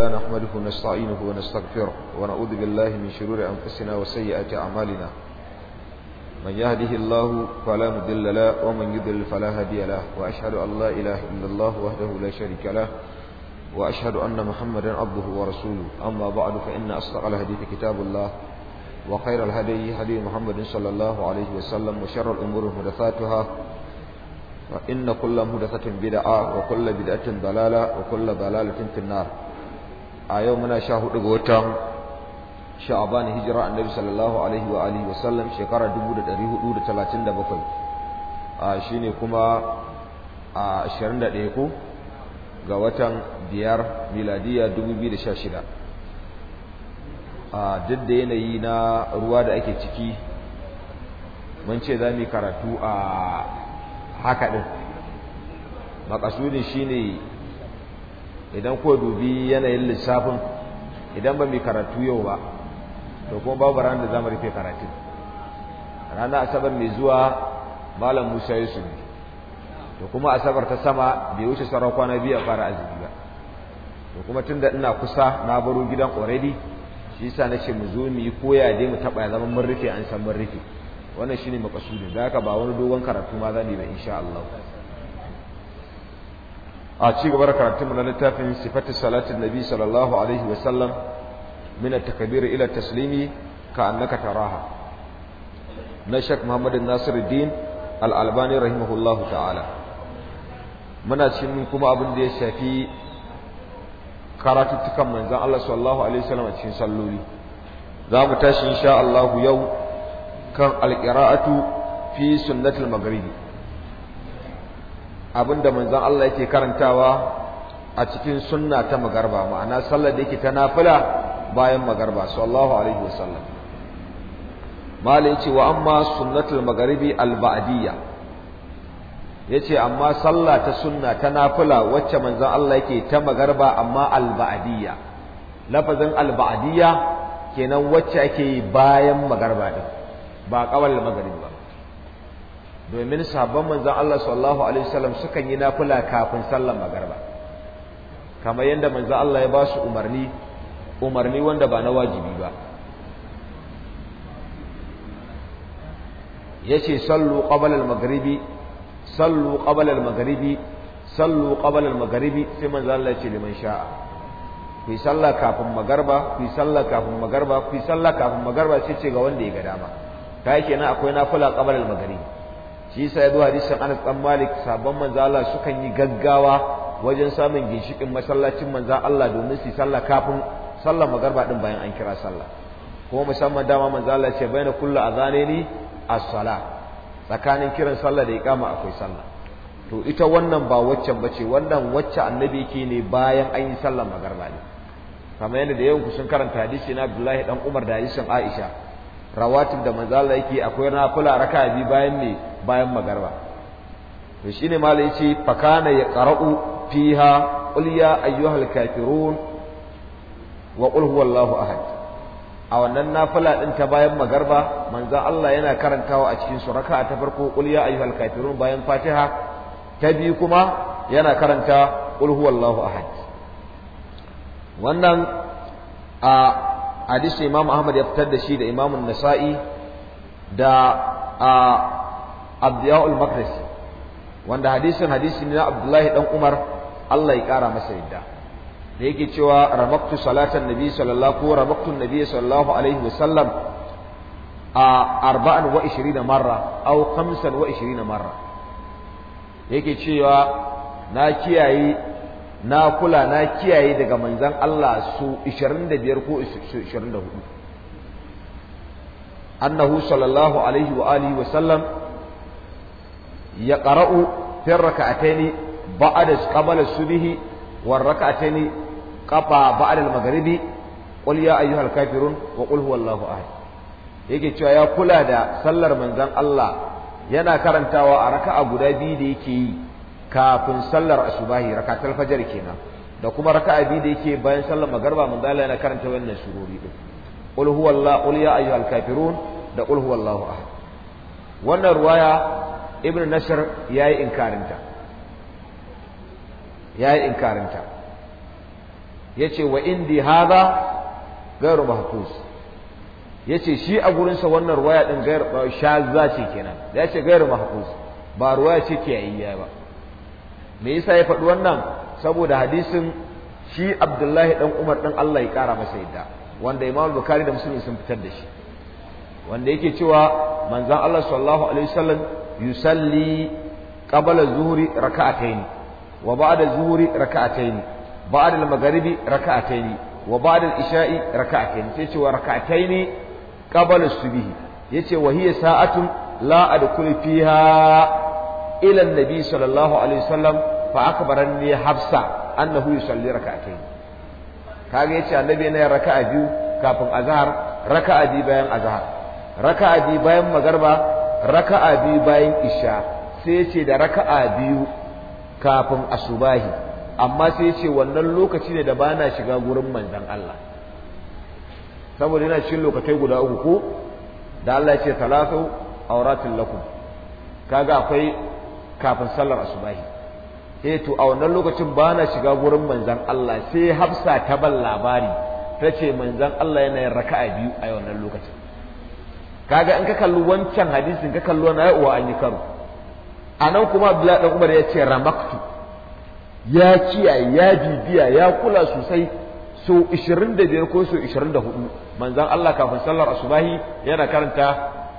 لا نحمده نستعينه ونستغفره ونعوذ بالله من شرور أنفسنا وسيئات أعمالنا من يهده الله فلا مضل له ومن يضلل فلا هادي له وأشهد أن لا إله إلا الله وحده لا شريك له وأشهد أن محمدا عبده ورسوله أما بعد فإن أصدق الحديث كتاب الله وخير الهدي هدي محمد صلى الله عليه وسلم وشر الأمور محدثاتها وإن كل محدثة بدعة وكل بدعة ضلالة وكل ضلالة في النار a yau muna sha hudu ga watan sha'aban hijira annabi sallallahu alaihi wa alihi wa sallam shekara 1437 a shine kuma a 21 ko ga watan biyar miladiya 2016 a duk da yanayi na ruwa da ake ciki mun ce za mu karatu a haka din makasudin shine idan ko dubi yanayin lissafin idan ba mai karatu yau ba to kuma babu ranar da zamu rufe karatu rana asabar mai zuwa malam musa yusuf ne to kuma asabar ta sama bai wuce sauran kwana biyu a fara azumi ba to kuma tunda ina kusa na baro gidan already shi yasa na ce mu zo mu yi koya dai mu taba ya zama mun rufe an san mun rufe wannan shine makasudin da haka ba wani dogon karatu ma zan yi ba insha Allah a ci gaba da karatunmu na littafin sifatin salatin nabi sallallahu alaihi wa sallam min at-takbir ila taslimi ka annaka taraha na shak muhammad nasiruddin al-albani rahimahullahu ta'ala muna cikin kuma abin da ya shafi karatuttukan manzon Allah sallallahu alaihi wasallam a cikin salloli za mu tashi insha Allah yau kan al-qira'atu fi sunnatul maghribi abinda manzon Allah yake karantawa a cikin sunna ta magarba ma'ana sallar da yake ta nafila bayan magarba sallallahu alaihi wasallam malai yace wa amma sunnatul magharibi al ba'diyya yace amma sallah ta sunna ta nafila wacce manzon Allah yake ta magarba amma al ba'diyya lafazin al ba'diyya kenan wacce ake yi bayan magarba din ba kawal magharibi ba domin sabon manzon Allah sallallahu alaihi wasallam sukan yi nafila kafin sallar magarba kamar yadda manzon Allah ya ba su umarni umarni wanda ba na wajibi ba yace sallu qabla al-maghribi sallu qabla al-maghribi sallu qabla al-maghribi sai manzon Allah ya ce liman sha'a ku sallah kafin magarba ku sallah kafin magarba ku sallah kafin magarba sai ce ga wanda ya ga dama ta yake nan akwai nafila qabla al-maghribi shi yasa ya hadisin Anas dan Malik sabon manzo Allah sukan yi gaggawa wajen samun ginshikin masallacin manza Allah domin su sallah kafin sallar magarba din bayan an kira sallah kuma musamman dama manzo Allah ce a kullu azanaini as-sala tsakanin kiran sallah da ya kama akwai sallah to ita wannan ba waccan bace wannan wacce annabi yake ne bayan an yi sallar magarba ne kamar yadda da yawan ku sun karanta hadisi na Abdullahi ɗan Umar da hadisin Aisha rawatib da manzala yake akwai nafila raka biyu bayan me bayan magarba to shine malai yace fakana ya qara'u fiha qul ya ayyuhal kafirun wa qul huwallahu ahad a wannan nafila din ta bayan magarba manzo Allah yana karantawa a cikin su raka ta farko qul ya ayyuhal kafirun bayan fatiha ta biyu kuma yana karanta qul huwallahu ahad wannan a hadisin Imam Ahmad ya fitar da shi da Imam Nasa'i da al Makrisi wanda hadisin hadisi ne na Abdullahi dan Umar Allah ya kara masa yadda da yake cewa ramaktu salatan nabi sallallahu ko ramaktu nabi sallallahu alaihi sallam a arba'an wa ishirina marra au kamsan wa ishirina marra yake cewa na kiyaye na kula na kiyaye daga manzan Allah su 25 ko 24 annahu sallallahu alaihi wa alihi wa sallam ya qara'u fi rak'ataini ba'da qabla subhi wa rak'ataini qafa ba'da al-maghribi qul ya ayyuhal kafirun wa qul huwallahu ahad yake cewa ya kula da sallar manzan Allah yana karantawa a raka'a guda biyu da yake yi kafin sallar asubahi rakatul fajr kenan da kuma raka biyu da yake bayan sallar magarba mun dala yana karanta wannan surori din qul huwallahu qul ya ayyuhal kafirun da qul huwallahu ahad wannan ruwaya ibnu nashr yayi inkarinta yayi inkarinta yace wa indi hadha ghairu mahfuz ya ce shi a gurinsa wannan ruwaya din gayar shaza ce kenan ya ce gayar mahfuz ba ruwaya ce ke yayi ba me yasa ya faɗi wannan saboda hadisin shi Abdullahi dan Umar dan Allah ya kara masa yadda wanda Imam Bukhari da Muslim sun fitar da shi wanda yake cewa manzon Allah sallallahu alaihi wasallam yusalli qabla zuhri raka'atayn wa ba'da zuhri raka'atayn ba'da al-maghribi raka'atayn wa ba'da al-isha'i raka'atayn sai cewa raka'atayn qabla subhi yace wa hiya sa'atun la adkhulu fiha ila annabi sallallahu alaihi wasallam fa akbarani hafsa annahu yusalli rak'atayn kage yace annabi yana raka'a biyu kafin azhar raka'a biyu bayan azhar raka'a biyu bayan magarba raka'a biyu bayan isha sai yace da raka'a biyu kafin a asubahi amma sai ce wannan lokaci ne da bana shiga gurin manzon Allah saboda yana cikin lokacai guda uku ko da Allah ya ce talatu auratin lakum kaga akwai kafin sallar asubahi sai to a wannan lokacin ba na shiga gurin manzan Allah sai Hafsa ta ban labari ta ce manzan Allah yana yin raka'a biyu a wannan lokacin kaga in ka kalli wancan hadisin ka kalli wani wa an yi karo A nan kuma Abdullahi dan Umar ya ce ramaktu ya kiyaye ya bibiya ya kula sosai so 25 ko so 24 manzan Allah kafin sallar asubahi yana karanta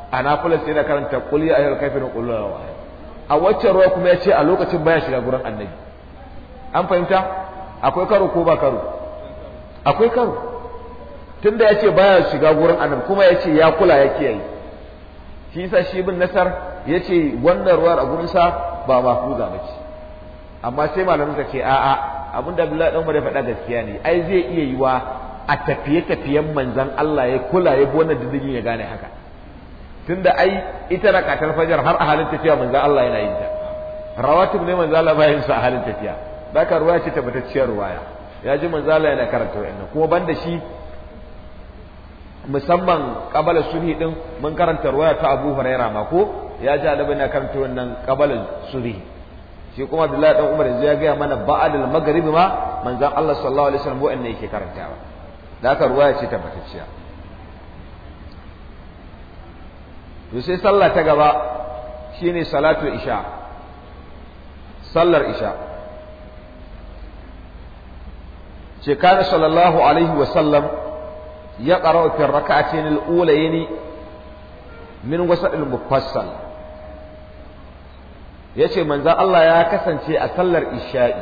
a yana karanta kulli ayyul kafirun qul la ilaha a waccan ruwa kuma ya ce a lokacin baya shiga gurin annabi an fahimta akwai karo ko ba karo akwai karo tunda ya ce baya shiga gurin annabi kuma ya ce ya kula ya kiyaye shi sa shi bin nasar ya ce wannan ruwar a gurinsa ba mafuza ba ce amma sai malamin ka ce a'a abin da Abdullahi dan bare faɗa gaskiya ne ai zai iya yiwa a tafiye-tafiyen manzan Allah ya kula ya bi wannan diddigin ya gane haka tunda ai ita rakatar fajar har a halin tafiya manzo Allah yana yin ta rawatib ne manzo Allah bayan su a halin tafiya baka ruwa ce tabbatacciyar ruwaya ya ji manzo Allah yana karanta wannan kuma banda shi musamman kabala subhi din mun karanta ruwaya ta Abu Huraira ma ko ya ji annabi na karanta wannan kabala subhi shi kuma Abdullahi dan Umar yanzu ya ga mana ba'adul maghrib ma manzon Allah sallallahu alaihi wasallam wa'annan yake karantawa da ruwaya ce tabbatacciya to sai sallah ta gaba shine salatu isha sallar isha ce kana sallallahu alaihi wa sallam ya qara'u fi rak'atayn al-ulayn min wasat al-mufassal yace manzon Allah ya kasance a sallar isha'i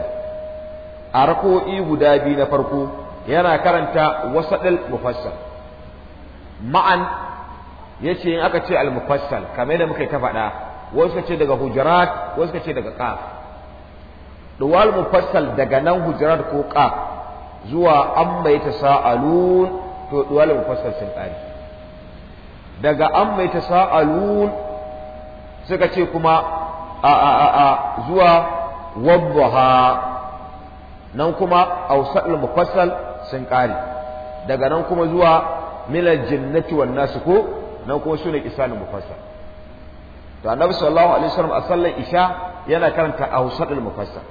a rako'i guda biyu na farko yana karanta wasadil mufassal ma'an yace in aka ce al-mufassal kamar yadda muka ta faɗa wasu ka ce daga hujurat wasu ka ce daga qaf duwal mufassal daga nan hujurat ko qaf zuwa ta sa'alun to duwal mufassal sun kare daga ta sa'alun suka ce kuma a a a, a zuwa wadduha nan kuma ausal mufassal sun kare daga nan kuma zuwa milal jinnati wan nasu ko nan kuma sune isanu mufassal to annabi sallallahu alaihi wasallam a sallar isha yana karanta awsadul mufassal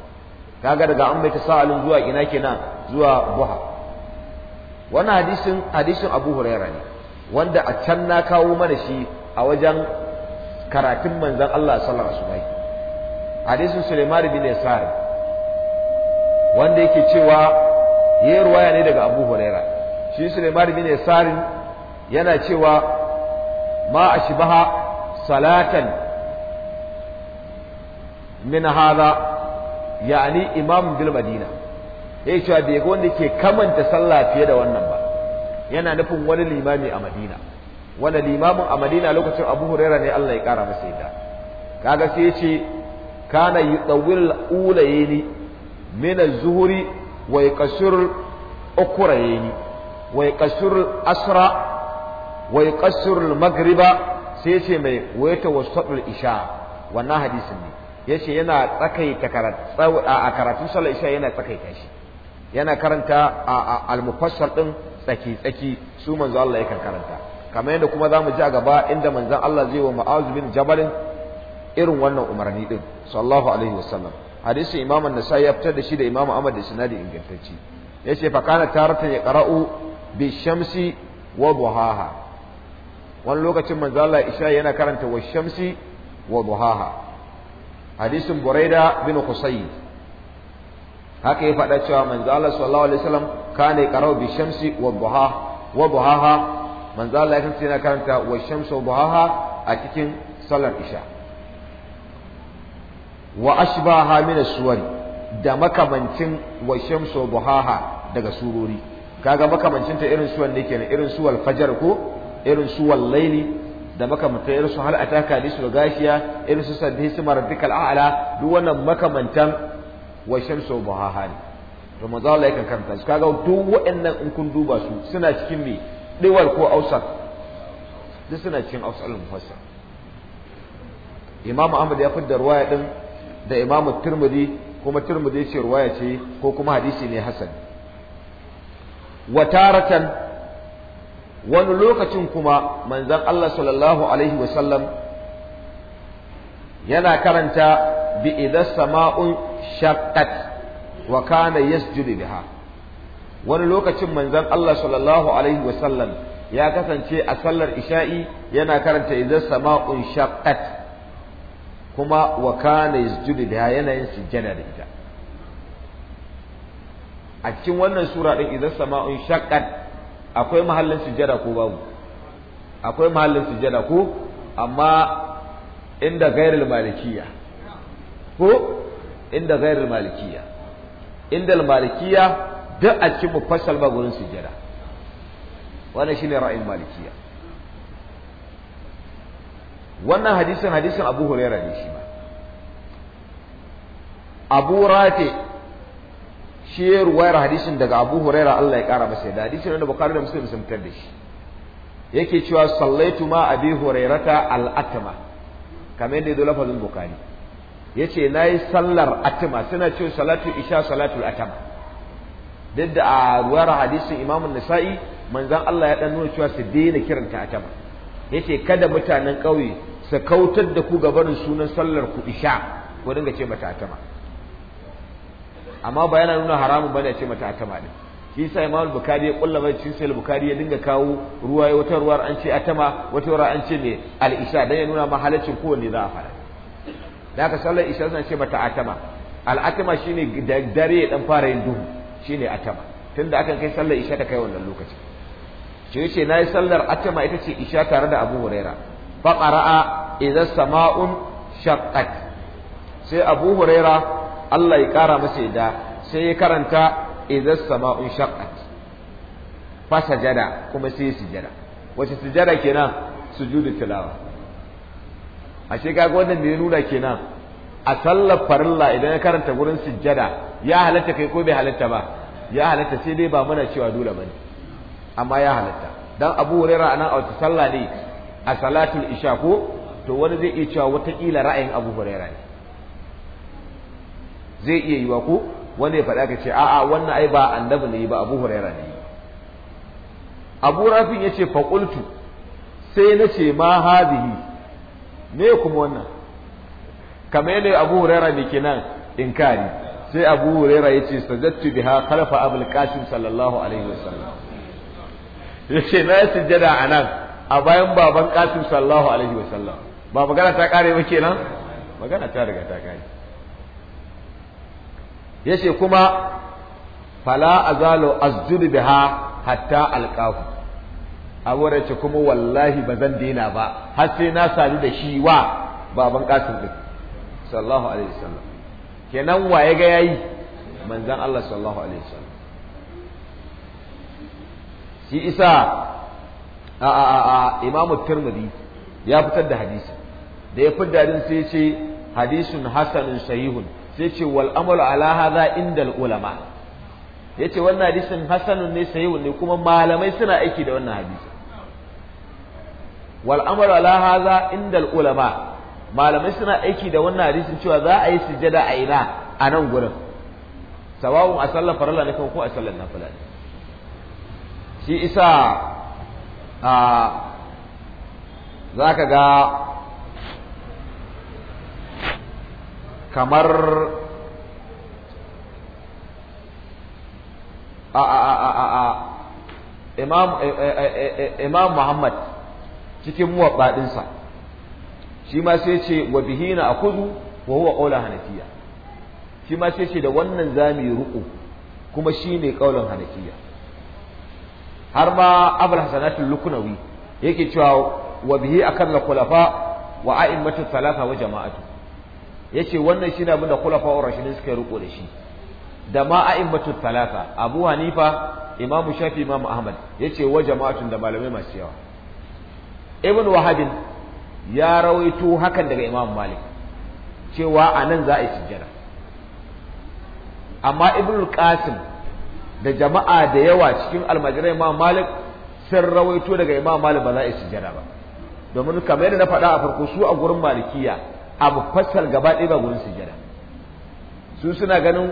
kaga daga an bai tasalun zuwa ina kenan zuwa buha wannan hadisin hadisin abu huraira ne wanda a can na kawo mana shi a wajen karatun manzon Allah sallallahu alaihi wasallam hadisin Sulaiman bin Yasar wanda yake cewa yayi ruwaya ne daga Abu Huraira shi Sulaiman bin Yasar yana cewa ما أشبه صلاة من هذا يعني إمام بالمدينة ya cewa bai ga wanda ke kamanta sallah fiye da wannan ba yana nufin wani limami a madina wanda limamin a madina lokacin abu huraira ne allah ya kara masa yadda kaga sai ya ce kana yi ulayni min az-zuhri wa yaqsur ukrayni wa yaqsur asra wa ƙasar al-maghriba sai ce mai wasu yatawassatul isha wannan hadisin ne ya ce yana tsakaita karatu a karatu sallar isha yana tsakaita shi yana karanta a almufassar din tsaki tsaki su manzo Allah yakan karanta kamar yadda kuma zamu ji a gaba inda manzo Allah zai wa Mu'az bin Jabal irin wannan umarni din sallallahu alaihi wasallam hadisin Imam An-Nasa'i ya fitar da shi da Imam Ahmad da sinadi ingantacci yace fa kana taratan ya qara'u bi shamsi wa duhaha wani lokacin manzo Allah isha yana karanta wa shamsi wa duhaha hadisin buraida bin qusay haka ya faɗa cewa manzo Allah sallallahu alaihi wasallam kana yaqra'u bi shamsi wa duha wa duhaha manzo Allah ya yana karanta wa shamsi wa duhaha a cikin sallar isha wa ashbaha min as-suwari da makamancin wa shamsu buhaha daga surori kaga makamancin ta irin suwan ne kenan irin suwal fajar ko irin su wallaili da makamantan irin su hal ataka su gashiya irin su sabbi su marabbikal al'ala. duk wannan makamantan wa shamsu buhaha ne to manzo Allah yakan karanta su kaga duk waɗannan in kun duba su suna cikin me diwar ko ausar duk suna cikin ausar mufassar Imam Ahmad ya fitar ruwaya din da Imam Tirmidhi kuma Tirmidhi ce ruwaya ce ko kuma hadisi ne hasan wa taratan wani lokacin kuma manzan Allah sallallahu alaihi wasallam yana karanta bi idza sama'un shaqqat wa kana yasjudu biha wani lokacin manzan Allah sallallahu alaihi wasallam ya kasance a sallar isha'i yana karanta idza sama'un shaqqat kuma wa kana yasjudu biha yanayin yin sujjada da ita a cikin wannan sura din idza sama'un shaqqat akwai mahallin sujjada ko babu akwai mahallin sujjada ko amma inda gairul malikiya ko inda gairul malikiya inda malikiya duk a cikin mufassal ba gurin sujjada wannan shine ra'ayin malikiya wannan hadisin hadisin Abu Hurairah ne shi ma Abu Rafi' shi ya ruwayar hadisin daga Abu Huraira Allah ya kara masa da hadisin da bukari da Muslim sun fitar da shi yake cewa sallaitu ma Abi Hurairata al-atma kamar yadda zo lafazin ce yace nayi sallar atma suna cewa salatu isha salatul atma duk da a ruwayar hadisin imamun Nasa'i manzan Allah ya dan nuna cewa su daina kiranta atma yace kada mutanen ƙauye su kautar da ku gabanin sunan sallar ku isha ko dinga ce mata atma amma ba yana nuna haramun bane ce mata atama ne shi yasa Imam Bukhari ya kulla mai cikin sahih Bukhari ya dinga kawo ruwa wata ruwar an ce atama wata ruwar an ce me al-isha dan ya nuna ma halaccin kowanne za a fara da aka sallar isha suna ce mata atama al-atama shine dare ya dan fara yin duhu shine atama tunda akan kai sallar isha ta kai wannan lokaci shi yace nayi sallar atama ita ce isha tare da Abu Huraira fa qara'a idza sama'un shaqqat sai Abu Huraira Allah ya kara masa yadda sai ya karanta idza sama'un shaqqat fa sajada kuma sai sujada wace sujada kenan sujudu tilawa ashe kaga wannan da ya nuna kenan a sallar farilla idan ya karanta gurin sujada ya halatta kai ko bai halatta ba ya halatta sai dai ba muna cewa dole bane amma ya halatta dan Abu Hurairah anan a wata sallah ne a salatul isha ko to wani zai iya cewa kila ra'ayin Abu Hurairah ne zai iya yiwa ko wanda ya faɗa ka ce a'a wannan ai ba annabi ne ba Abu Huraira ne Abu Rafin yace fa qultu sai na ce ma hadihi me kuma wannan kamar yadda Abu Huraira ne kenan inkari sai Abu Huraira yace sajadtu biha khalfa Abul Qasim sallallahu alaihi wasallam yace na sujjada anan a bayan baban Qasim sallallahu alaihi wasallam ba magana ta kare ba kenan magana ta riga ta kare yace kuma fala azalu asjudu biha hatta alqahu abu ce kuma wallahi ba zan daina ba har sai na sadu da shi wa baban ƙasar din sallallahu alaihi wasallam kenan wa ya ga yayi manzon Allah sallallahu alaihi wasallam shi isa a a a imamu tirmidhi ya fitar da hadisi da ya fitar da hadisi sai ce hadisun hasanun sahihun sai ce wal amalu ala hadha indal ulama yace wannan hadisin hasanun ne sahihun ne kuma malamai suna aiki da wannan hadisi wal amalu ala hadha indal ulama malamai suna aiki da wannan hadisin cewa za a yi sujada a ina a nan gurin sawawun a sallar farilla ne ko a sallar nafila ne shi isa a za ka ga kamar a a a a a imam e, e, e, imam muhammad cikin muwaɓaɗinsa shi ma sai ce wa bihina a kudu wa huwa ƙaunar hanafiya shi ma sai ce da wannan za mu yi ruku kuma shi ne ƙaunar hanafiya har ma abul hasanatul lukunawi yake cewa wa bihi akan kulafa wa a'immatu salata wa jama'atu yace wannan shine abin da khulafa'ur rashidin suka riko da shi da ma a'immatu talata abu hanifa imam shafi imam ahmad ce wa jama'atun da malamai masu yawa ibn wahabin ya rawaito hakan daga imam malik cewa a nan za a yi sujjada amma ibn qasim da jama'a da yawa cikin almajirai imam malik sun rawaito daga imam malik ba za a yi sujjada ba domin kamar yadda na faɗa a farko su a gurin malikiya abu fassar gaba ɗaya ba gurin sujada su suna ganin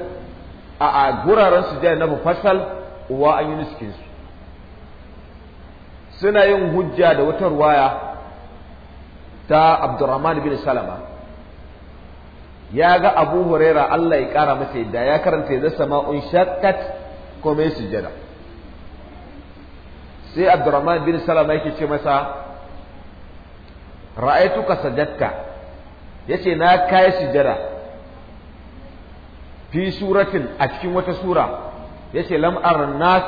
a a guraren sujada na mufassal uwa an yi nuskin su suna yin hujja da wutar waya ta Abdurrahman bin Salama ya ga Abu Huraira Allah ya kara masa yadda ya karanta ya zama un shakkat kuma ya sujada sai Abdurrahman bin Salama yake ce masa ra'aituka sajadta yace na kai sujada fi suratin a cikin wata sura yace lam aran nas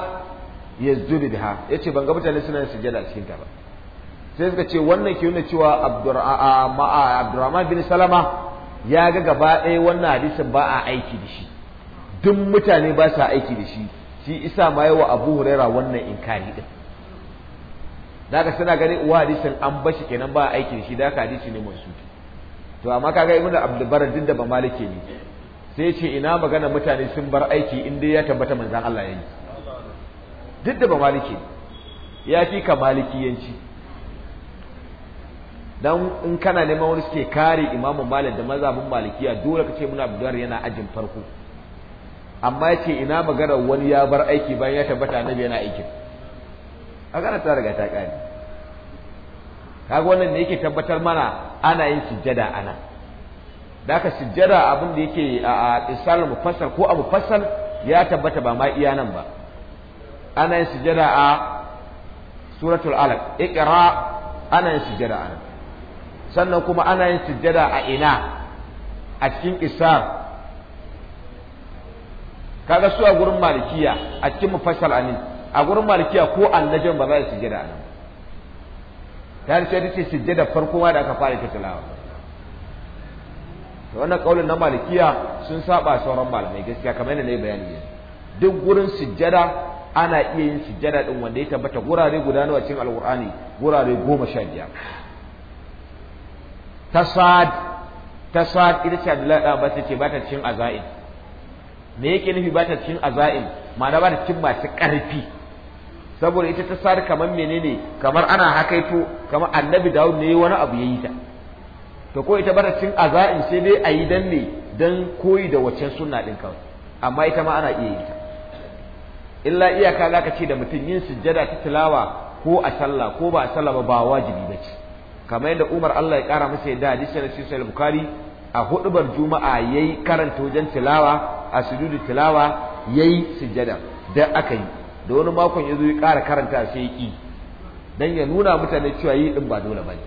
yazdudu biha yace ban ga mutane suna sujada a cikin ta ba sai suka ce wannan ke nuna cewa Abdurrahman bin Salama ya ga gaba ɗaya wannan hadisin ba a aiki da shi duk mutane ba sa aiki da shi shi isa ma yawa Abu Huraira wannan inkari din da haka suna gani uwa hadisin an bashi kenan ba a aiki da shi da hadisi ne mansuki to amma kaga ibn abdulbar duk da ba ne sai ce ina magana mutane sun bar aiki in dai ya tabbata manzon Allah yayi duk da ba ya fi ka malikiyanci dan in kana neman wani suke kare imamu malik da mazhabin malikiya dole ka ce muna abdulbar yana ajin farko amma yace ina magana wani ya bar aiki bayan ya tabbata annabi yana aikin a ta riga ta kare kaga wannan ne yake tabbatar mana ana yin sujjada ana da haka sujjada abin da yake a isal mufassal ko abu fassal ya tabbata ba ma iya nan ba ana yin sujjada a suratul alaq iqra ana yin sujjada ana sannan kuma ana yin sujjada a ina a cikin isar kaga su a gurin malikiya a cikin mufassal anin a gurin malikiya ko annajan ba za su sujjada anan ta yi sai ce sujjada farko ma da aka fara ta tilawa to wannan kaulin na malikiya sun saba sauran malamai gaskiya kamar yadda nayi bayani yanzu duk gurin sujjada ana iya yin sujjada din wanda ya tabbata gurare guda nawa cikin alqur'ani gurare goma sha biyar tasad tasad ita ce Abdullahi da ba ta ce ba ta cikin azain me yake nufi ba ta cikin azain ma'ana ba ta cikin masu ƙarfi saboda ita ta sar kamar menene kamar ana hakaito kamar annabi dawud ne wani abu ya yi ta to ko ita bara cin aza'in sai dai a yi dan ne dan koyi da waccan sunna din kawai amma ita ma ana iya yi ta illa iyaka zaka ce da mutum yin sujjada ta tilawa ko a sallah ko ba a sallah ba ba wajibi bace kamar yadda Umar Allah ya kara masa yadda hadisi da Sahih Bukhari a hudubar juma'a yayi karanta wajen tilawa a sujudu tilawa yayi sujjada da aka yi da wani makon ya zo ya ƙara karanta sai ya ƙi ya nuna mutane cewa yi din ba dole bane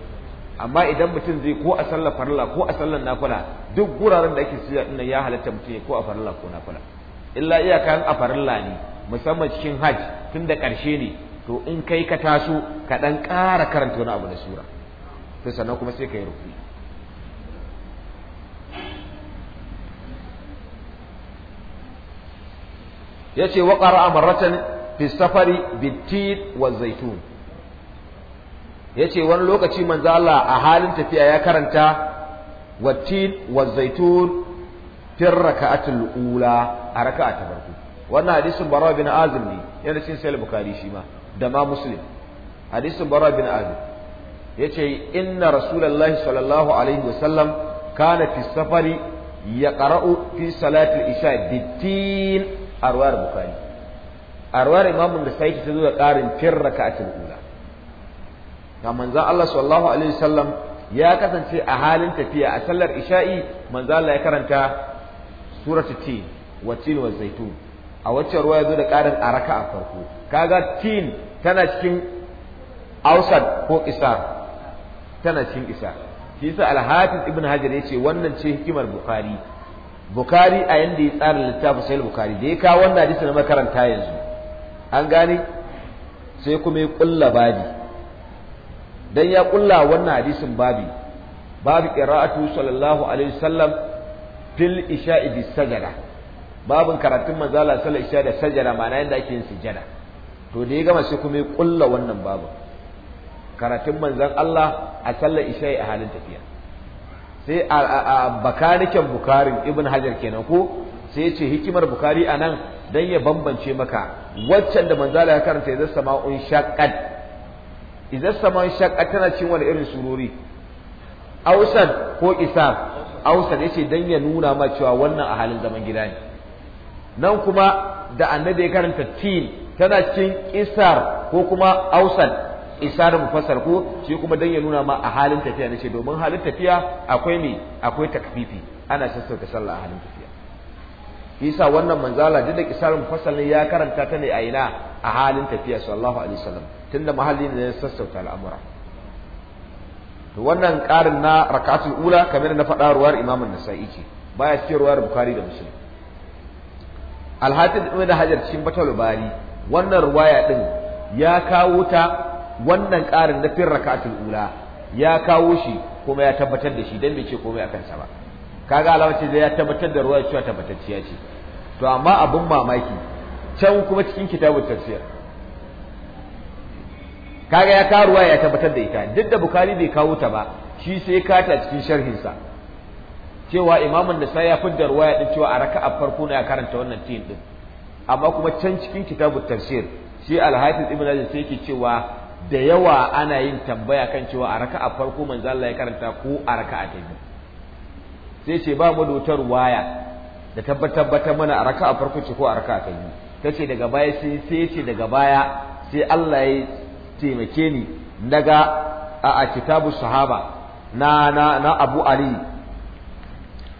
amma idan mutum zai ko a sallar farla ko a sallar nafila duk guraren da ake sujja ɗin ya halatta mutum ko a farla ko nafila illa iyakan a farla ne musamman cikin hajj tun da ƙarshe ne to in kai ka taso ka ɗan ƙara karanta wani abu na sura to sannan kuma sai ka yi rufi yace wa qara'a marratan fi safari bitit wa zaitun Ya ce wani lokaci Manzala a halin tafiya ya karanta watit wa zaitun fi raka'atul ula a raka'a ta farko wannan hadisin bara bin azim ne yana cikin sahih bukhari shi ma da ma muslim hadisin bara bin azim yace inna rasulullahi sallallahu alaihi wasallam kana fi safari yaqra'u fi salati isha bittin arwar bukhari a ruwar imamun da saiki ta zo da ƙarin firraka a ula ga manzan Allah sallallahu alaihi wasallam ya kasance a halin tafiya a sallar isha'i manzan Allah ya karanta suratul tin wa tin wa zaitun a wacce ruwa ya zo da ƙarin a raka a farko kaga tin tana cikin ausad ko isa tana cikin isa shi yasa al-hafiz ibn hajar yace wannan ce hikimar bukhari bukhari a yanda ya tsara littafin sahih bukhari da ya kawo wannan hadisi na makaranta yanzu an gane sai kuma ya kulla babi dan ya kulla wannan hadisin babi babu qira'atu sallallahu alaihi wasallam fil isha'i bis sajada babin karatun manzala sallallahu isha da sajada ma'ana yanda ake yin sujada to da ya gama sai kuma ya kulla wannan babu karatun manzon Allah a sallar isha'i a halin tafiya sai a bakaniken bukarin ibn hajar kenan ko sai ya ce hikimar bukari anan dan ya bambance maka waccan da manzala ya karanta idza sama'un shaqqat zasta sama'un shaqqat tana cin wani irin sururi. ausan ko isa ausan yace dan ya nuna ma cewa wannan a halin zaman gida ne nan kuma da annabi ya karanta tin tana cin isar ko kuma ausan da mufassar ko shi kuma dan ya nuna ma a halin tafiya nace domin halin tafiya akwai me akwai takfifi ana sassauta sallah a halin tafiya yasa wannan manzala duk da kisarin fasalin ya karanta ta ne a ina a halin tafiya sallallahu alaihi wasallam tunda mahalli ne ya sassauta al'amura to wannan ƙarin na rak'atul ula kamar na faɗa ruwar Imam nasai ce baya cikin ruwar Bukhari da Muslim Al-Hafiz Ibn Hajar cikin Fathul Bari wannan ruwaya din ya kawo ta wannan ƙarin na fin rak'atul ula ya kawo shi kuma ya tabbatar da shi dan bai ce komai akan sa ba kaga alama ce ya tabbatar da ruwa cewa tabbatacciya ce to amma abin mamaki can kuma cikin kitabun tafsir kaga ya kawo ruwa ya tabbatar da ita duk da bukari bai kawo ta ba shi sai kata cikin sharhinsa cewa imamun sai ya fidda ruwa ya cewa a raka'a farko na ya karanta wannan tin din amma kuma can cikin kitabun tafsir shi al-hafiz ibn hajar sai yake cewa da yawa ana yin tambaya kan cewa a raka'a farko manzo Allah ya karanta ko a raka'a ta biyu sai ce ba mu dotar waya da tabbatar mana a raka'a farko ce ko a raka'a ta biyu tace daga baya sai sai ce daga baya sai Allah ya taimake ni daga a a kitabu sahaba na na na Abu Ali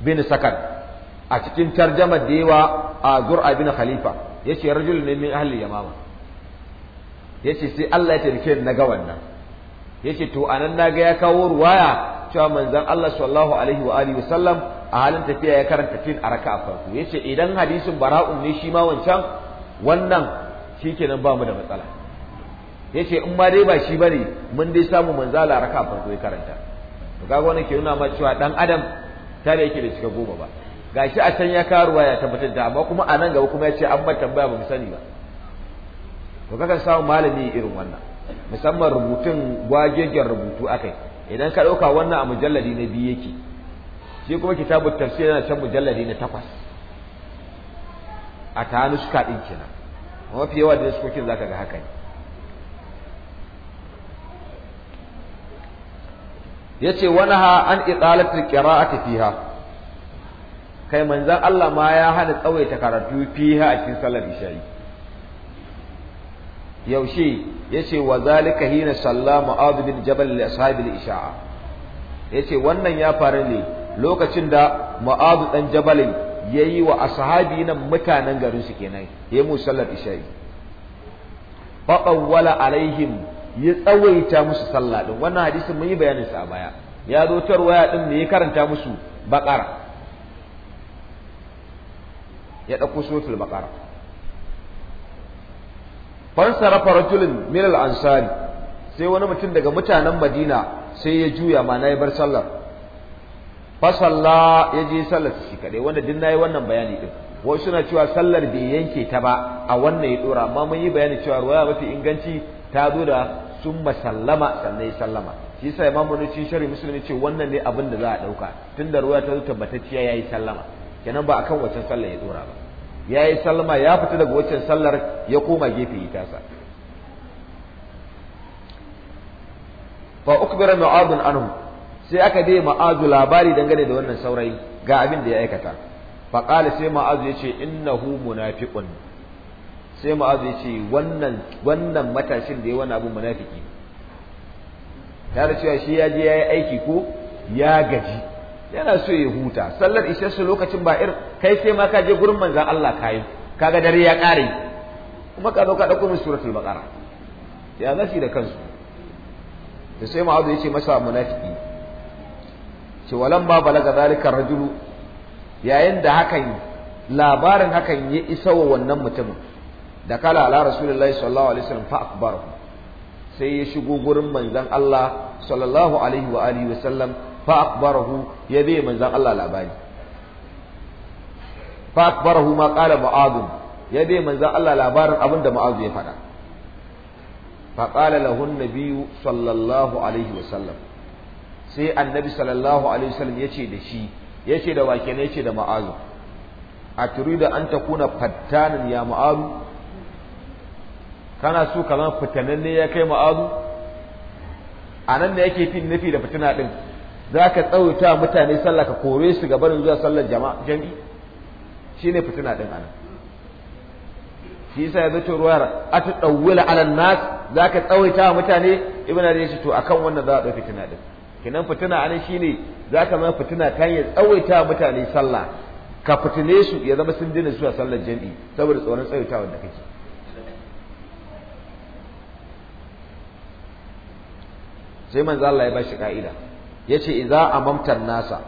bin Sakar a cikin tarjama da yawa a Zur'a bin Khalifa yace rajul ne min ahli Yamama yace sai Allah ya taimake ni daga wannan yace to anan naga ya kawo ruwaya cewa manzon Allah sallallahu alaihi wa alihi wasallam a halin tafiya ya karanta tin a raka'a farko yace idan hadisin bara'un ne shi ma wancan wannan shikenan ba mu da matsala yace in ma dai ba shi bane mun dai samu raka raka'a farko ya karanta to kaga wannan ke nuna ma cewa dan adam tare yake da cika goma ba gashi a can ya karuwa ya tabbatar da amma kuma a nan gaba kuma ya ce an ba tambaya ba mu sani ba to kakan samu malami irin wannan musamman rubutun gwagegen rubutu akai idan ka ɗauka wannan a mujalladi na biyu yake shi kuma kitabun tafsir yana can mujalladi na takwas a ta hannu suka ɗin kina mafi yawa da nuskokin za ka ga haka ne yace wanaha an italatul qira'ati fiha kai manzon Allah ma ya hana tsawaita karatu fiha a cikin sallar isha'i yaushe ya ce wa zalika hina salla mu'adh bin jabal li ashabil isha'a Ya ce wannan ya faru ne lokacin da mu'adh dan jabalin yi wa ashabi nan mutanen garin su kenan ya yi sallar isha'i fa wala alaihim ya tsawaita musu sallah din wannan hadisin mun yi bayanin sa a baya ya zo tarwaya din ne ya karanta musu baqara ya ɗauko suratul baqara fansarafa rajulun min al-ansari sai wani mutum daga mutanen Madina sai ya juya ma nayi bar sallar fa salla ya je sallar shi kadai wanda din nayi wannan bayani din wai suna cewa sallar bai yanke ta ba a wannan ya dora amma mun yi bayani cewa ruwaya mafi inganci ta zo da summa sallama sannan ya sallama shi yasa imam cin shari musulmi ce wannan ne abin da za a dauka tunda ruwaya ta zo tabbatacciya yayi sallama kenan ba akan wacce sallar ya dora ba ya yi salma ya fita daga wacce sallar ya koma gefe yi tasa fa ukbira mu'adun Anu sai aka dai ma'azu labari dangane da wannan saurayi ga abin da ya aikata fa qala sai ma'azu yace innahu munafiqun sai ma'azu yace wannan wannan matashin da ya wani abu munafiki da cewa shi ya je ya yi aiki ko ya gaji yana so ya huta sallar isharsu lokacin ba irin kai sai ma ka je gurin manzan Allah kayi kaga dare ya kare kuma ka zo ka dauko min suratul baqara ya zaci da kansu da sai ma'udu yace masa munafiki ce walam ba balaga zalika rajulu yayin da hakan labarin hakan ya isa wa wannan mutumin da kala ala rasulullahi sallallahu alaihi wasallam fa akbaru sai ya shigo gurin manzan Allah sallallahu alaihi wa alihi wa sallam fa akbarahu ya bai manzon Allah labari fa akbarahu ma qala mu'adh ya bai manzon Allah labarin abinda mu'adh ya faɗa fa qala lahu an-nabiyyu sallallahu alaihi wasallam sai annabi sallallahu alaihi wa wasallam yace da shi yace da wake ne yace da mu'adh aturida an takuna fattanin ya mu'adh kana so ka zama fitananne ya kai mu'adh a nan ne yake fin nufi da fitina din za ka tsawuta mutane sallah ka kore su ga barin zuwa sallar jama'a Shi ne fitina din anan shi yasa yazo a ruwayar ɗauwila alan nas za ka tsawuta mutane ibina da yace to a kan wannan za a ɗau fitina din kinan fitina anan ne za ka zama fitina ta hanyar tsawuta mutane sallah ka fitine su ya zama sun dina zuwa sallar jami saboda tsoron tsawaitawan da kake sai manzo Allah ya shi ka'ida yace idza amamta nasa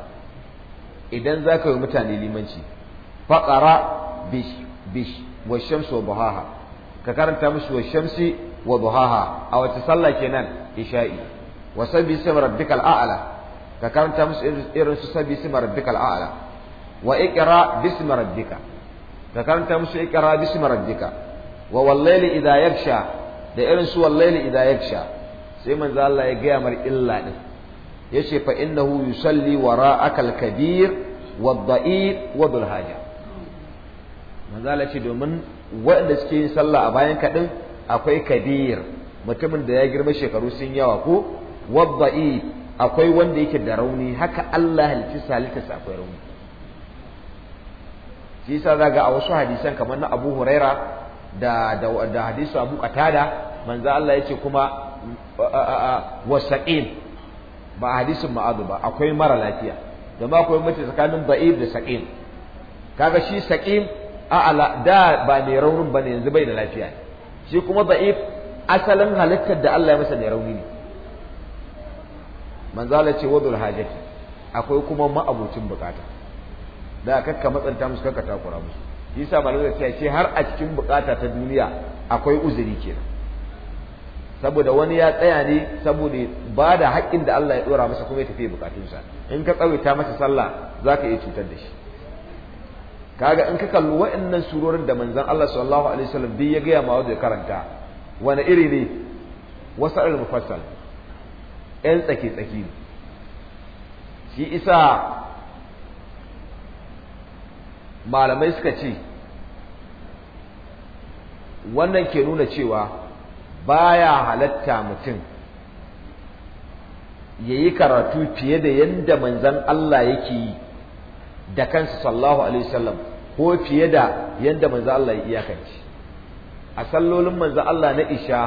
idan zaka yi mutane limanci faqara bish bish wa shamsu wa buhaha. ka karanta musu wa shamsi wa buhaha. a wace sallah kenan isha'i wa sabbi ismi rabbikal a'la ka karanta musu irin su sabbi ismi rabbikal a'la wa iqra bismi rabbika ka karanta musu iqra bismi rabbika wa wallayli idha yaksha da irin su wallayli idha yaksha sai manzo Allah ya gaya mar illa din yace fa innahu yusalli wara'aka al-kabir wad-da'if wa dhul haja manzala ce domin waɗanda suke yin sallah a bayan kaɗin akwai kabir mutumin da ya girma shekaru sun yawa ko wabba'i akwai wanda yake da rauni haka Allah halitta halittarsa akwai rauni shi yasa zaga a wasu hadisan kamar na Abu Huraira da da, da hadisu Abu Qatada manzo Allah yace kuma wasa'in. ba a hadisin ma'adu ba akwai mara lafiya domin akwai mace tsakanin ba'id da saqim kaga shi saqim a da ba ne raunin bane yanzu bai da lafiya shi kuma ba'id asalin halittar da Allah ya masa ne rauni ne manzala ce wadul hajati akwai kuma ma'abucin bukata da kakka matsanta musu kakka takura musu yasa ce har a cikin bukata ta duniya akwai uzuri kenan saboda wani ya tsaya ne saboda ba da haƙƙin da Allah ya ɗora masa kuma ya tafi bukatunsa in ka tsawaita masa sallah za ka iya cutar da shi kaga in ka kalli waɗannan surorin da manzon Allah sallallahu alaihi wasallam duk ya gaya ma wanda karanta wani iri ne wasu al mufassal ƴan tsake tsaki shi isa malamai suka ce wannan ke nuna cewa baya halatta mutum ya yi karatu fiye da yadda manzan Allah yake yi da kansa Sallahu alaihi wasallam ko fiye da yadda manzan Allah ya iyakance a sallolin manzan Allah na isha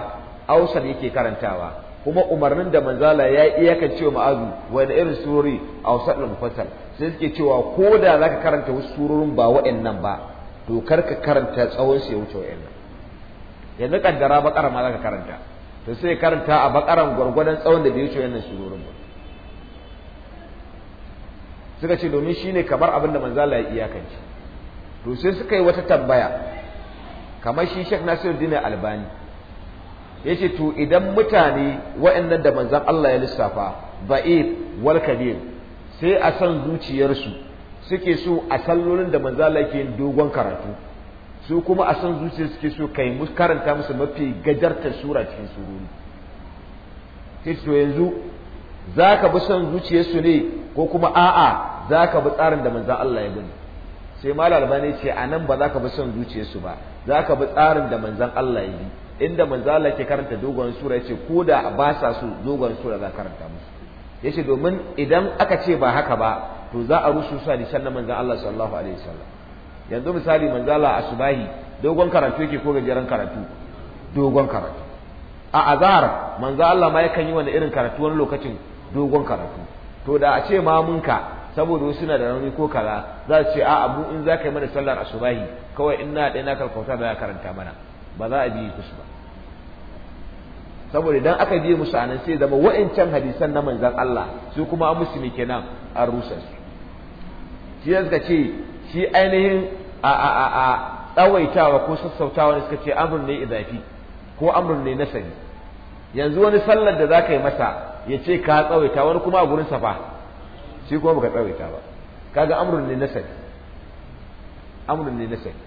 ausar yake karantawa kuma umarnin da manzala ya iyakance wa ma'azu wani irin surori a wasan Fasal sai suke cewa ko da za ka karanta wasu surorin ba wa'annan ba to ka karanta tsawon su ya wuce nan yanzu kaddara bakara ma zaka karanta to sai karanta a bakaran gwargwadon tsawon da bai wuce wannan surorin ba suka ce domin shine kamar abin da manzo Allah ya iyakance to sai suka yi wata tambaya kamar shi Sheikh Nasiruddin Albani yace to idan mutane waɗannan da manzon Allah ya lissafa ba'id wal kabir sai a san zuciyarsu suke so a sallolin da manzo Allah yake dogon karatu su kuma a san zuciya suke so kai mus karanta musu mafi gajartar sura cikin sururi sai yanzu zaka ka bi son zuciyarsu ne ko kuma a'a zaka bi tsarin da manzan Allah ya bani sai malal albani ce a nan ba za ka bi son zuciyarsu ba zaka bi tsarin da manzan Allah ya bi inda manzan Allah ke karanta dogon sura yace ko da ba sa so dogon sura za karanta musu ya domin idan aka ce ba haka ba to za a rusu sa nishan na manzan Allah sallallahu alaihi wasallam yanzu misali manzala a Subahi, dogon karatu yake ko gajeren karatu dogon karatu a azar manzo Allah ma yakan yi wani irin karatu wani lokacin dogon karatu to da a ce mamunka saboda wasu na da rauni ko kala, za su ce a abu in za ka yi mana sallar asubahi kawai ina ɗaya na kalkauta da karanta mana ba za a biye su ba saboda idan aka biye musu anan sai zama wa'ancan hadisan na manzan Allah su kuma an musu ne kenan an rusa su shi ya ce shi ainihin a a a a tsawaitawa ko sassautawa ne suka ce amur ne izafi ko amur ne nasari yanzu wani sallar da ka yi masa ya ce ka tsawaita wani kuma a gurin safa shi kuma baka tsawaita ba kaga amrun ne nasari amrun ne nasari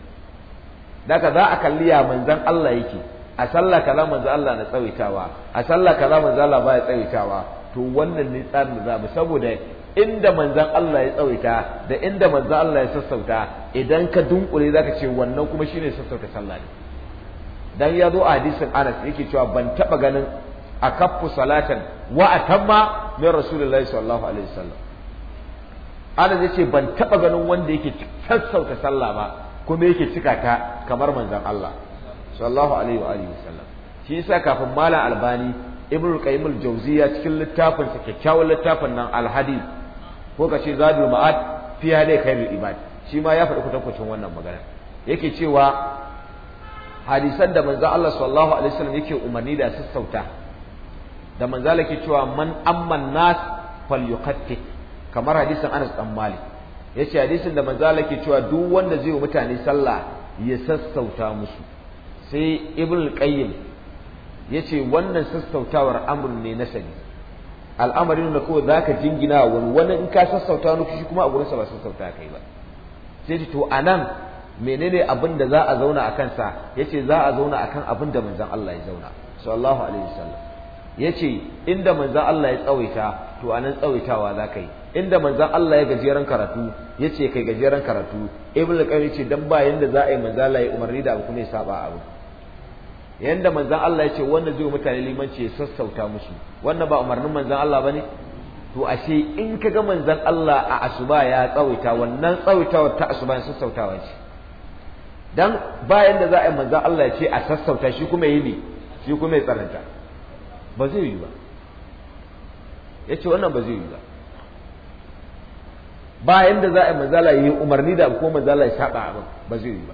daga za a kalli ya manzan Allah yake a sallah kaza manzan Allah na tsawaitawa a sallah kaza manzan Allah ya tsawaitawa to wannan ne tsarin da za mu saboda inda manzan Allah ya tsawaita da inda manzan Allah ya sassauta idan ka dunkule ka ce wannan kuma shine sassauta sallah ne dan ya zo a hadisin Anas yake cewa ban taba ganin a kaffu salatan wa atamma min rasulullahi sallallahu alaihi wasallam Anas yace ban taba ganin wanda yake sassauta sallah ba kuma yake cika ta kamar manzan Allah sallallahu alaihi wa alihi wasallam shi yasa kafin malam albani Ibn qayyim al cikin littafin sa kyakkyawan littafin nan al-hadith ko ka ce zadul ma'ad fi hada khairul ibad shi ma ya faɗi kwatankwacin wannan magana yake cewa hadisan da manzo Allah sallallahu alaihi wasallam yake umarni da sassauta da manzo yake cewa man amman nas yuqatti kamar hadisin Anas dan Malik yace hadisin da manzo yake cewa duk wanda zai yi mutane sallah ya sassauta musu sai Ibn qayyim yace wannan sassautawar amrun ne na sani al'amarin da kawai ka jingina wani wani in ka sassauta wani shi kuma a gurinsa ba sassauta kai ba sai ce to anan menene abin da za a zauna a kansa ya ce za a zauna a kan abin da manzan Allah ya zauna sallallahu alaihi wasallam ce, inda manzan Allah ya tsawaita to anan tsawaitawa za ka yi inda manzan Allah ya gajeren karatu ya ce kai gajeren karatu ibnu qayyim ce dan ba yanda za a yi manzon ya umarni da abu kuma ya saba abu yanda manzon Allah ya ce wanda zai mutane limanci ya sassauta musu wannan ba umarnin manzon Allah bane to ashe in ka ga manzon Allah a asuba ya tsawaita wannan tsawaitawar ta asuba ya sassautawa ce dan bayan da za a yi manzon Allah ya ce a sassauta shi kuma yi ne shi kuma ya tsananta ba zai yi ba yace wannan ba zai yi ba bayan da za a yi manzala yi umarni da ko manzala ya saba ba zai yi ba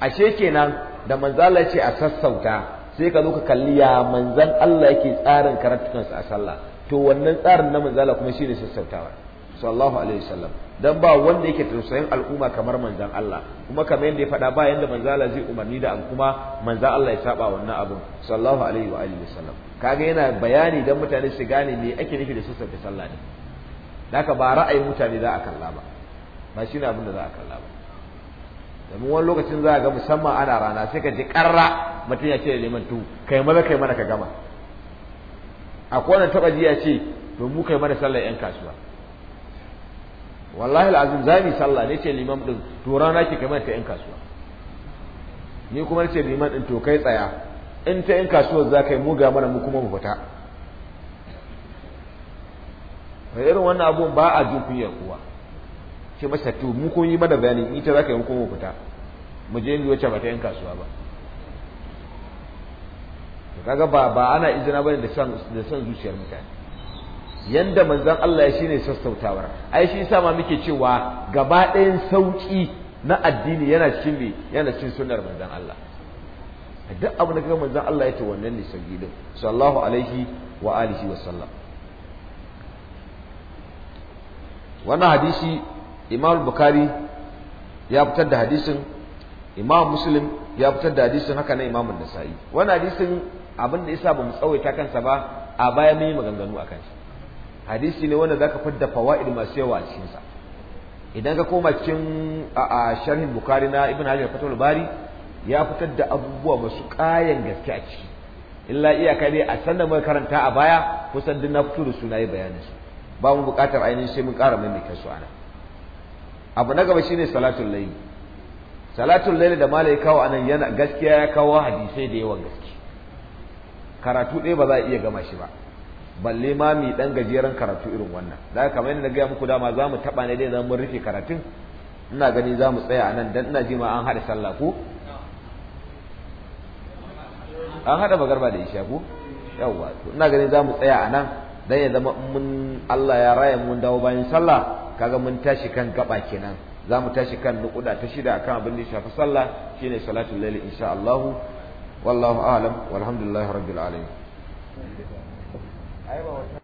ashe kenan da manzo Allah ya ce a sassauta sai ka zo ka kalli ya manzan Allah yake tsarin sa a sallah to wannan tsarin na manzo Allah kuma shine sassautawa sallallahu alaihi wasallam dan ba wanda yake tausayin al'umma kamar manzan Allah kuma kamar yanda ya faɗa ba yanda manzo Allah zai umarni da kuma manzan Allah ya saba wannan abun sallallahu alaihi wa alihi wasallam kaga yana bayani dan mutane su gane me ake nufi da sassauta sallah ne haka ba ra'ayin mutane za a kalla ba ba shine abin da za a kalla ba domin wani lokacin za a ga musamman ana rana sai ka ji ƙarra mutum ya ce da liman tu kai maza kai mana ka gama akwai wani taɓa ji ya ce to mu kai mana sallar yan kasuwa wallahi al'azim za mu sallah ne ce liman ɗin to rana ki kai mana ta yan kasuwa ni kuma ce liman ɗin to kai tsaya in ta yan kasuwar za ka yi mu ga mana mu kuma mu fita irin wannan abun ba a jin kunya kowa ce ba sattu mu kun yi mana bayani ita ka yi kuma fita mu je yi wacce ba ta yin kasuwa ba Da kaga ba ba ana izina bane da san da san zuciyar mutane yanda manzon Allah ya shine sassautawar ai shi yasa ma muke cewa gaba ɗayan sauki na addini yana cikin me yana cikin sunnar manzon Allah duk abu da kaga manzon Allah ya ce wannan ne sauki din sallallahu alaihi wa alihi wa sallam wannan hadisi imam al-bukari ya fitar da hadisin imam muslim ya fitar da hadisin haka na imam nasa'i wannan hadisin abin da yasa bamu tsawaita kansa ba a baya mun yi maganganu a kansa hadisi ne wanda zaka fitar da fawaid masu yawa a cikin sa idan ka koma cikin a sharhin bukari na ibn hajar fatul bari ya fitar da abubuwa masu kayan gaske a ciki illa iyaka dai a sanda mai karanta a baya kusan duk na fito da sunaye bayanin su ba mu buƙatar ainihin sai mun ƙara maimaita su ana abu na gaba shine salatul layli salatul layli da malai kawo anan yana gaskiya ya kawo hadisai da yawan gaske karatu ɗaya ba za a iya gama shi ba balle ma mi dan gajeren karatu irin wannan da kamar yadda na gaya muku dama za mu taɓa ne dai za mu rufe karatun ina gani za mu tsaya a nan dan ina ji ma an haɗa sallah ko an haɗa magarba da isha ko yawwa ina gani za mu tsaya a nan dan ya zama mun Allah ya raya mun dawo bayan sallah kaga mun tashi kan gaba kenan za mu tashi kan nukuda ta shida akan abin da shafi sallah shine salatul layl insha Allah wallahu a'lam walhamdulillahi rabbil alamin